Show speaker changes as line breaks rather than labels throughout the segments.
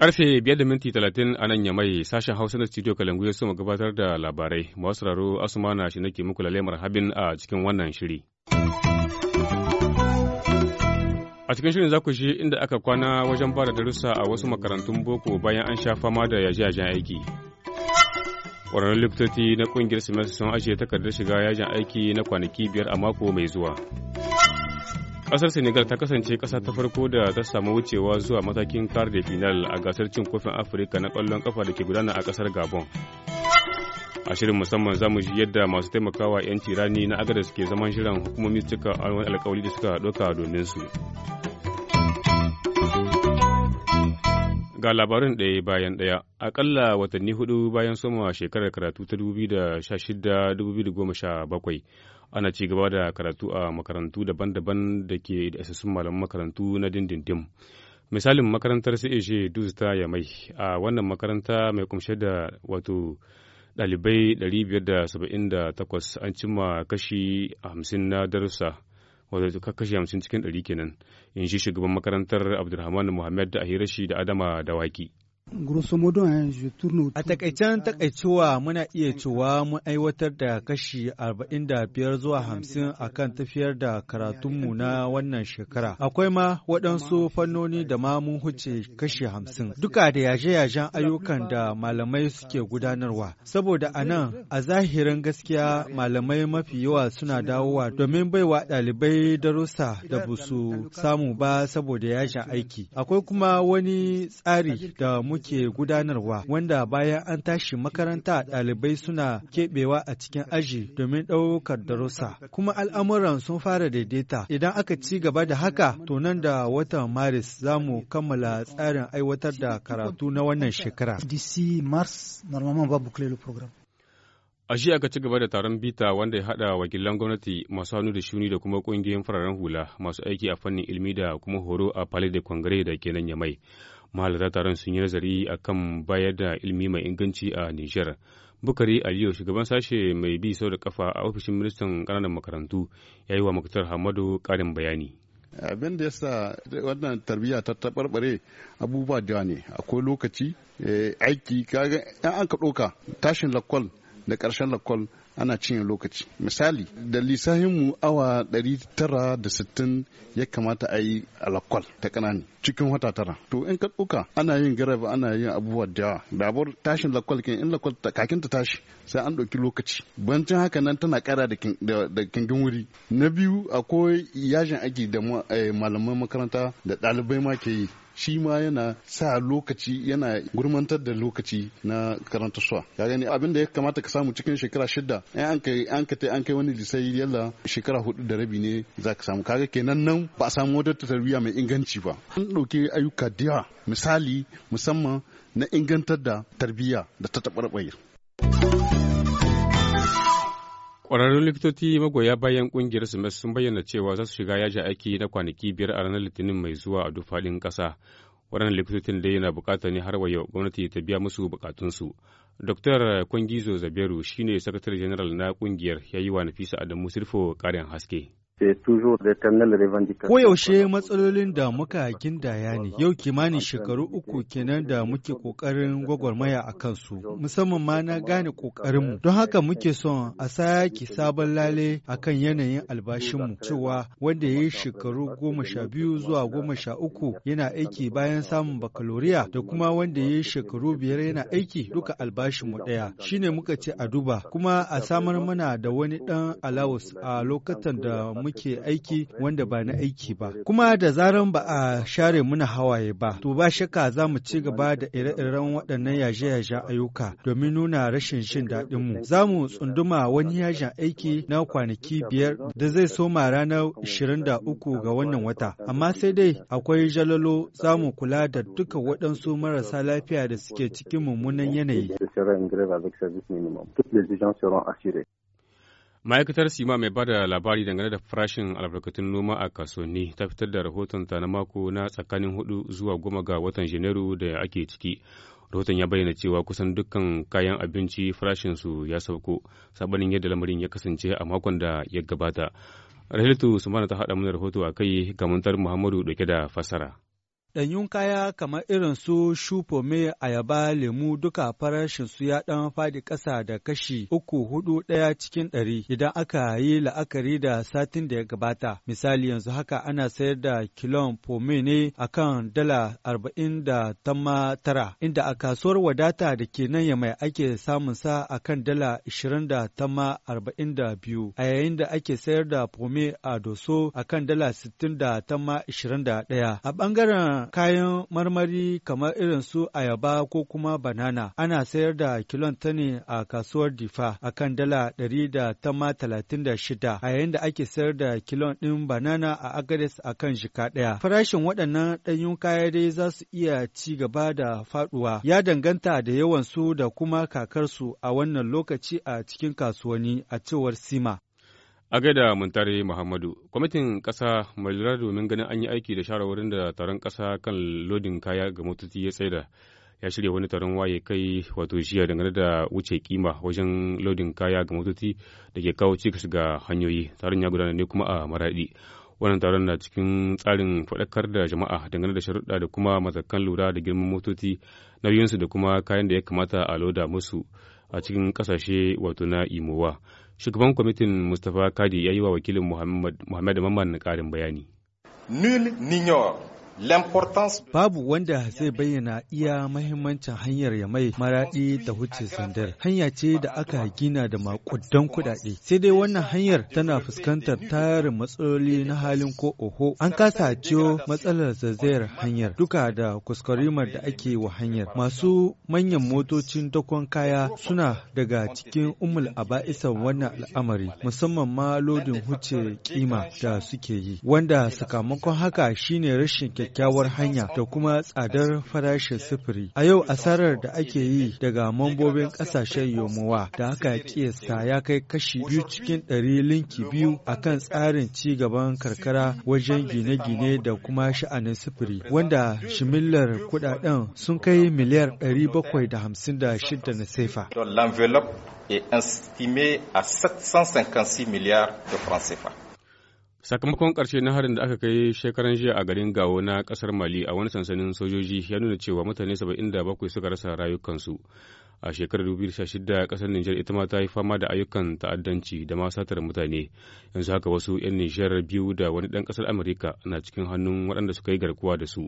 Karfe biyar da minti talatin a nan yamai sashen Hausa na studio Kalangu ya soma gabatar da labarai. Masu raro Asumana shi nake muku lalemar habin a cikin wannan shiri. A cikin shirin za ku shi inda aka kwana wajen ba da darussa a wasu makarantun boko bayan an sha fama da yaje-yajen aiki. ƙwararrun likitoci na ƙungiyar simenti sun ajiye takardar shiga yajin aiki na kwanaki biyar a mako mai zuwa ƙasar senegal ta kasance ƙasa ta farko da ta samu wucewa zuwa matakin kar da final a gasar cin kofin afirka na ƙwallon ƙafa da ke gudana a ƙasar gabon a shirin musamman za mu ji yadda masu taimakawa 'yan tirani na agada suke zaman shirin hukumomi cika alkawali da suka ɗauka domin su Ga labarin ɗaya bayan ɗaya, akalla watanni hudu bayan soma shekarar karatu ta 2016-2017 ana ci gaba da karatu a makarantu daban-daban da ke da isassun malaman makarantu na dindindin Misalin makarantar CAG Duz ta Yamai a wannan makaranta mai kumshe da wato ɗalibai 578 an cimma kashi 50 na darussa. wato kashi hamsin cikin ɗari kenan in shi shugaban makarantar abdulrahman muhammad a shi da adama dawaki.
Eh, a takaicen takaicewa muna iya cewa mun aiwatar da kashi 45 zuwa 50 a kan tafiyar da karatunmu na wannan shekara. Akwai ma waɗansu fannoni da ma mun huce kashi 50 duka da yaje-yajen ayyukan da malamai suke gudanarwa. Saboda a nan a zahirin gaskiya malamai mafi yawa suna dawowa domin baiwa ɗalibai darussa da ba samu ba saboda yajin aiki. Akwai kuma wani tsari da mu muke gudanarwa wanda bayan an tashi makaranta ɗalibai suna keɓewa a cikin aji domin ɗaukar darussa. Kuma al'amuran sun fara daidaita. Idan aka ci gaba da haka, to nan da watan Maris za mu kammala tsarin aiwatar da karatu na wannan shekara.
A shi aka ci gaba da taron bita wanda ya haɗa wakilan gwamnati masu hannu da shuni da kuma ƙungiyoyin fararen hula masu aiki a fannin ilmi da kuma horo a Palais de Congrès da nan Yamai. mai. mahalarta taron sun yi nazari akan bayar da ilimi mai inganci a Nijar. Bukari Aliyu shugaban sashe mai bi sau da kafa a ofishin
ministan kananan makarantu ya yi wa Muktar Hamadu karin bayani. abin da yasa wannan tarbiyya ta taɓarɓare abubuwa da ne akwai lokaci eh, aiki kaga an ka ɗoka tashin lakwal da karshen lakwal ana cinye lokaci misali da lissahinmu awa 960 ya kamata a yi a lakwal ta ƙanani cikin wata tara to in ka ana yin garaba ana yin abubuwa da yawa dabar tashin lakwal kin in lakwal kakin ta tashi sai an ɗauki lokaci bancin haka nan tana kara da kingin wuri na biyu akwai yajin aiki da eh, malaman makaranta da ɗalibai ma ke yi shi ma yana sa lokaci yana gurmantar da lokaci na karanta suwa ya gani abin da ya kamata ka samu cikin shekara shida an kai an kai an kai wani lisai yalla shekara hudu da rabi ne za ka samu kaga kenan nan ba a samu wata tarbiyya mai inganci ba an ɗauki ayyuka da misali musamman na ingantar da tarbiyya da ta taɓarɓayar
Ƙwararrun likitoci magoya bayan ƙungiyar SMS sun bayyana cewa za su shiga yaji aiki na kwanaki biyar a ranar Litinin mai zuwa a dufaɗin ƙasa. Waɗannan likitocin dai yana buƙatar ne har wa yau gwamnati ta biya musu buƙatunsu. Dr. Kwangizo Zaberu shine sakatare general na ƙungiyar ya yi wa Nafisa Adamu Sirfo ƙarin haske. Koyaushe
matsalolin da muka gindaya ne, yau kimanin shekaru uku kenan da muke ƙoƙarin gwagwarmaya a kansu, musamman ma na gane ƙoƙarinmu. Don haka muke son a sayaki sabon lale a kan yanayin albashinmu cewa wanda ya yi shekaru goma sha biyu zuwa goma sha uku yana aiki bayan samun bakaloriya da kuma wanda ya yi shekaru biyar yana aiki duka albashinmu ɗaya. Shine muka ce a duba, kuma a samar mana da wani ɗan alawus a lokacin da muke aiki wanda ba na aiki ba. Kuma da zaran ba a share muna hawaye ba, to ba shakka za mu ci gaba da ire-iren waɗannan yaje-yajen ayyuka domin nuna rashin jin mu Za mu tsunduma wani yajin aiki na kwanaki biyar da zai soma ranar 23 ga wannan wata. Amma sai dai akwai jalolo za mu kula da duka waɗansu marasa lafiya da suke cikin mummunan yanayi.
ma'aikatar sima mai da labari dangane da farashin albarkatun noma a kasuwanni ta fitar da rahotonta na mako na tsakanin hudu zuwa goma ga watan janairu da ake ciki rahoton ya bayyana cewa kusan dukkan kayan abinci farashinsu ya sauko sabanin yadda lamarin ya kasance a makon da ya gabata rahilatu sumana ta haɗa mana rahoto a kai ga muhammadu ɗauke da fasara
Ɗanyun kaya kamar irin su shufome, ayaba, lemu duka farashinsu ya ɗan faɗi ƙasa da kashi uku hudu ɗaya cikin ɗari idan aka yi la'akari da satin da ya gabata. Misali yanzu haka ana sayar da kilon fome ne a kan dala arba'in da tamma tara, inda a kasuwar wadata da ke nan ya mai ake samun sa a kan dala ishirin da tamma arba'in da biyu, a yayin da ake sayar da fome a doso a kan dala sittin da tamma ishirin da ɗaya. A ɓangaren kayan marmari kamar irin su ayaba ko kuma banana ana sayar da kilon ta ne a kasuwar difa a kan dala ɗari da tama talatin da shida a yayin da ake sayar da kilon ɗin banana a agades a kan jika ɗaya. Farashin waɗannan ɗanyun kaya dai za su iya ci gaba da faɗuwa ya danganta da yawan su da kuma kakarsu a wannan lokaci a cikin kasuwanni a cewar Sima.
A gaida muntare Muhammadu, kwamitin kasa mai lura domin ganin an yi aiki da shawarwarin da taron kasa kan lodin kaya ga motoci ya tsaida ya shirya wani taron waye kai wato jiya dangane da wuce kima wajen lodin kaya ga motoci da ke kawo cikas ga hanyoyi. Taron ya gudana ne kuma a Maraɗi. Wannan taron na cikin tsarin faɗakar da jama'a dangane da sharuɗa da kuma mazakan lura da girman motoci nauyinsu da kuma kayan da ya kamata a loda musu. a cikin kasashe wato na imowa shugaban kwamitin mustapha kadi ya yi wa wakilin muhammad mamman karin bayani
nul n'ignore
Babu wanda zai bayyana iya mahimmancin hanyar ya mai maraɗi da huce sandar. Hanya ce da aka gina da makudan kuɗaɗe. Sai dai wannan hanyar tana fuskantar tarin matsaloli na halin ko oho. An kasa ciyo matsalar zazzayar hanyar duka da kuskurimar da ake wa hanyar. Masu manyan motocin dakon kaya suna daga cikin umul aba'isan wannan al'amari musamman ma lodin huce kima da suke yi. Wanda sakamakon haka shine rashin kyakkyawar hanya da kuma tsadar farashin sufuri. A yau asarar da ake yi daga mambobin ƙasashen yomowa da aka kiyasta ya kai kashi biyu cikin ɗari linki biyu kan tsarin ci gaban karkara wajen gine-gine da kuma sha'anin sufuri wanda shimillar kudaden sun kai miliyar bakwai da da hamsin
shida na sefa.
L'enveloppe est estimée à 756 milliards de francs CFA.
Sakamakon karshe na harin da aka kai shekaran jiya a garin Gawo na kasar Mali a wani sansanin sojoji ya nuna cewa mutane 77 suka rasa rayukansu. A shekarar 2016 ƙasar Nijar ita ma ta yi fama da ayyukan ta'addanci da ma satar mutane. Yanzu haka wasu 'yan Nijar biyu da wani dan kasar Amurka na cikin hannun waɗanda suka yi garkuwa da su.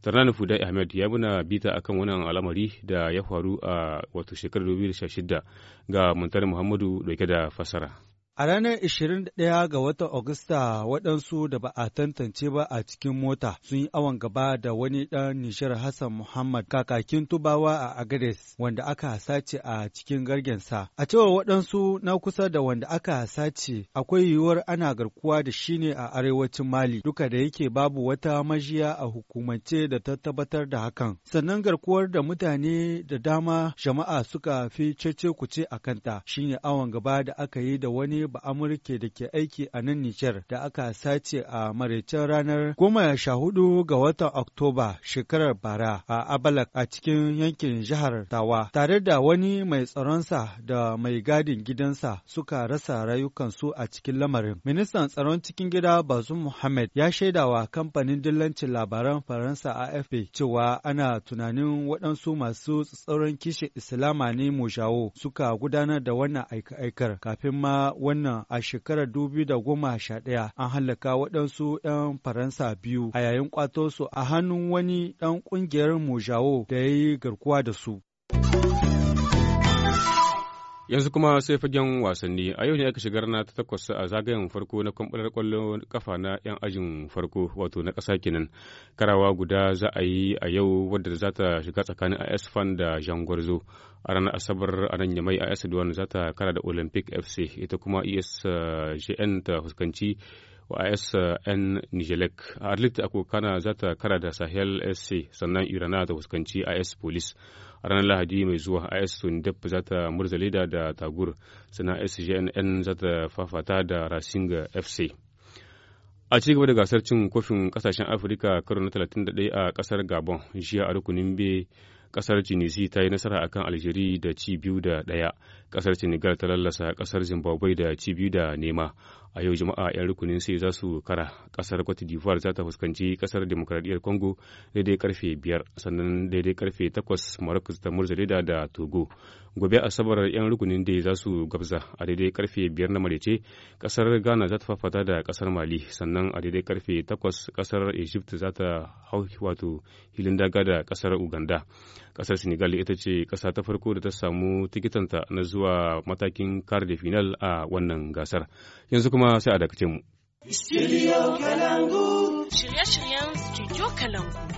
Tarnani Fudai Ahmed ya muna bita akan wannan al'amari da ya faru a wato shekarar 2016 ga muntar Muhammadu dauke da fasara.
A ranar 21 ga watan Agusta waɗansu da ba a tantance ba a cikin mota sun yi awon gaba da wani ɗan nishar Hassan Muhammad kakakin tubawa a Agades wanda aka sace a cikin gargensa. A cewar waɗansu na kusa da wanda aka sace akwai yiwuwar ana garkuwa da shi ne a arewacin Mali duka da yake babu wata majiya a hukumance da ta tabbatar da hakan. Sannan garkuwar da mutane da dama jama'a suka fi cece kuce a kanta shine awon gaba da aka yi da wani ba Amurke da ke aiki a nan Nijar da aka sace a maraicin ranar goma sha hudu ga watan Oktoba shekarar bara a Abalak a cikin yankin jihar Tawa tare da wani mai tsaronsa da mai gadin gidansa suka rasa rayukansu a cikin lamarin. Ministan tsaron cikin gida bazu Muhammad ya shaidawa kamfanin dillancin labaran Faransa AFP cewa ana tunanin waɗansu masu tsaron kishin Islama ne Moshawo suka gudanar da wannan aika-aikar kafin ma wani nan a shekarar ɗaya an halaka waɗansu 'yan Faransa biyu a yayin kwato su a hannun wani ɗan ƙungiyar Mojawo da ya yi garkuwa da su.
Yanzu kuma sai fagen wasanni a yau ne aka shigar na ta takwas a zagayen farko na kwamfular kwallon kafa na 'yan ajin farko wato na ƙasa kenan. Karawa guda za a yi a yau wadda za ta shiga tsakanin AS Fan da Gwarzo. A ranar Asabar a nan Yamai AS Duwan za ta kara da Olympic FC ita kuma ESJN eh, ta fuskanci wa ASN Nijelek. A eh, Arlit Akokana za ta kara da Sahel SC sannan Irana ta fuskanci AS Police. ranar lahadi mai zuwa is sundep za ta murza leda da tagur sannan sgnn za ta fafata da rasinga fc a ci gaba da gasar cin kofin kasashen afirka karo na 31 a kasar gabon jiya a rukunin b kasar tunisi ta yi nasara akan algeria da ci biyu da ɗaya kasar senegal ta lallasa kasar zimbabwe da ci biyu da nema a yau jama'a 'yan rukunin sai za su kara kasar cote d'ivoire za ta fuskanci kasar demokradiyyar congo daidai karfe biyar sannan daidai karfe takwas Morocco ta murzale da togo gobe asabar 'yan rukunin da za su gabza a daidai karfe biyar na marece kasar ghana za ta fafata da kasar mali sannan a daidai karfe takwas kasar egypt za ta hau wato hilin daga da kasar uganda Ƙasar Senegal ita ce ƙasa ta farko da ta samu tikitanta na zuwa matakin kar da final a wannan gasar. Yanzu kuma sai a dakace mu.
Shirye-shiryen Studio Kalangu.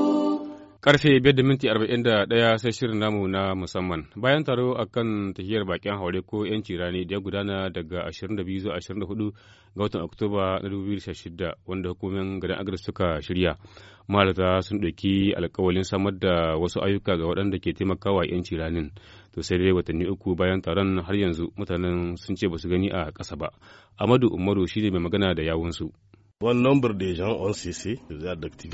Karfe biyar da minti arba'in da ɗaya sai shirin namu na musamman. Bayan taro a kan tahiyar bakin haure ko ‘yanci rani da ya gudana daga 22 zuwa 24 ga watan Oktoba na 2016 wanda hukumin gadon agri suka shirya. Malata sun ɗauki alkawalin samar da wasu ayyuka ga waɗanda ke taimakawa ‘yanci ranin. To sai dai watanni uku bayan taron har yanzu mutanen sun ce ba su gani a ƙasa ba. Amadu Umaru shi ne mai magana da yawunsu.
Da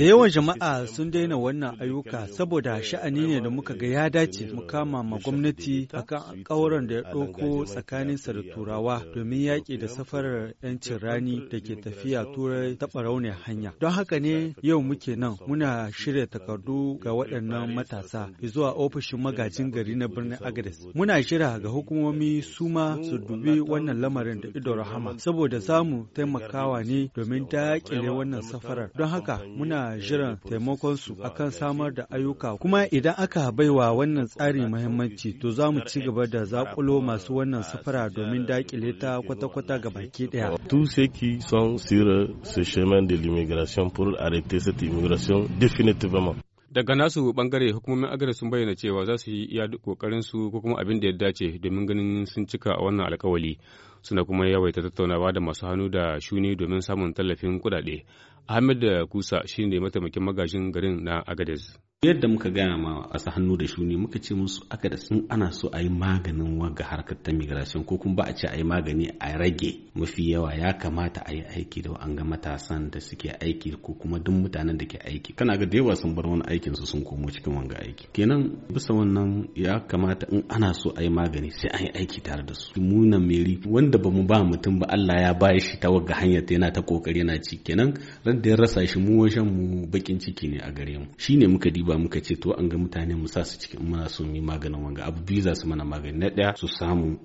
yawan jama'a sun daina wannan ayyuka saboda sha'ani ne da muka ga ya dace mu kama ma gwamnati akan ƙauren da ya ɗauko tsakanin sa da turawa domin yaƙi da safarar 'yancin rani da ke tafiya turai taɓa raunin hanya. Don haka ne yau muke nan muna shirya takardu ga waɗannan matasa zuwa ofishin magajin gari na birnin Agades. Muna shirya ga hukumomi suma su dubi wannan lamarin da ido rahama saboda samu taimakawa ne domin ta dakile wannan safarar don haka muna jiran taimakonsu akan samar da ayyuka kuma idan aka baiwa wannan tsari mahimmanci to za mu ci gaba da zakulo masu wannan safara domin dakile ta kwata-kwata
ga baki
daya. tu ceux qui sont sur euh, ce chemin de l'immigration pour arrêter cette immigration définitivement.
Daga nasu bangare hukumomin agare sun bayyana cewa za su yi iya kokarin su ko kuma abin da ya dace domin ganin sun cika a wannan alkawali. suna kuma yawaita tattaunawa da masu hannu da shuni domin samun tallafin kuɗaɗe. Ahmed Kusa shine
mataimakin magajin garin na Agadez. yadda muka gaya ma a hannu da ne muka ce musu aka da sun ana so a yi maganin waga harkar ta migration ko kuma ba a ce a yi magani a rage mafi yawa ya kamata a yi aiki da an ga matasan da suke aiki ko kuma duk mutanen da ke aiki kana ga da yawa sun bar wani aikin su sun komo cikin wanga aiki kenan bisa wannan ya kamata in ana so a yi magani sai a yi aiki tare da su na meri wanda bamu ba mutum ba Allah ya ba shi ta waga hanyar ta yana ta kokari yana ci kenan ran da ya rasa shi mu wajen mu bakin ciki ne a gare mu shine muka diba ba muka ce to an ga mutane mu sa su cikin muna so mu maganin wanga abu biyu za su mana magani na daya su samu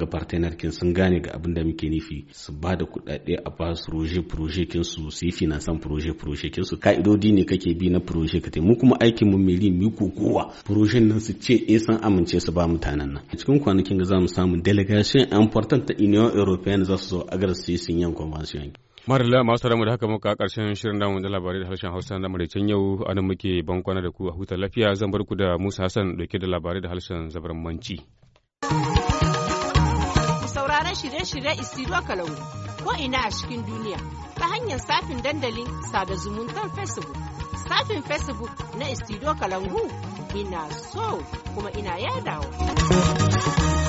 ga partner kin sun gane ga abin da muke nufi su ba da kuɗaɗe a ba su roje proje kin su su yi finansan proje proje kin su ka'idodi ne kake bi na proje ka mu kuma aikin mu mili mu kowa proje nan su ce eh san amince su ba mutanen nan cikin kwanakin ga za mu samu delegation important ta union european za su zo agar su yi sun yan convention
Marilla masu tare da haka muka karshen shirin namu da labarai da harshen Hausa na maraicen yau anan muke bankwana da ku a hutar lafiya zan bar ku da Musa Hassan dauke da labarai da harshen zabarmanci.
Sauraron shirye-shirye Isiro Kalau ko ina a cikin duniya ta hanyar safin dandalin sada zumuntar Facebook. Safin Facebook na Isiro Kalangu ina so kuma ina yadawa.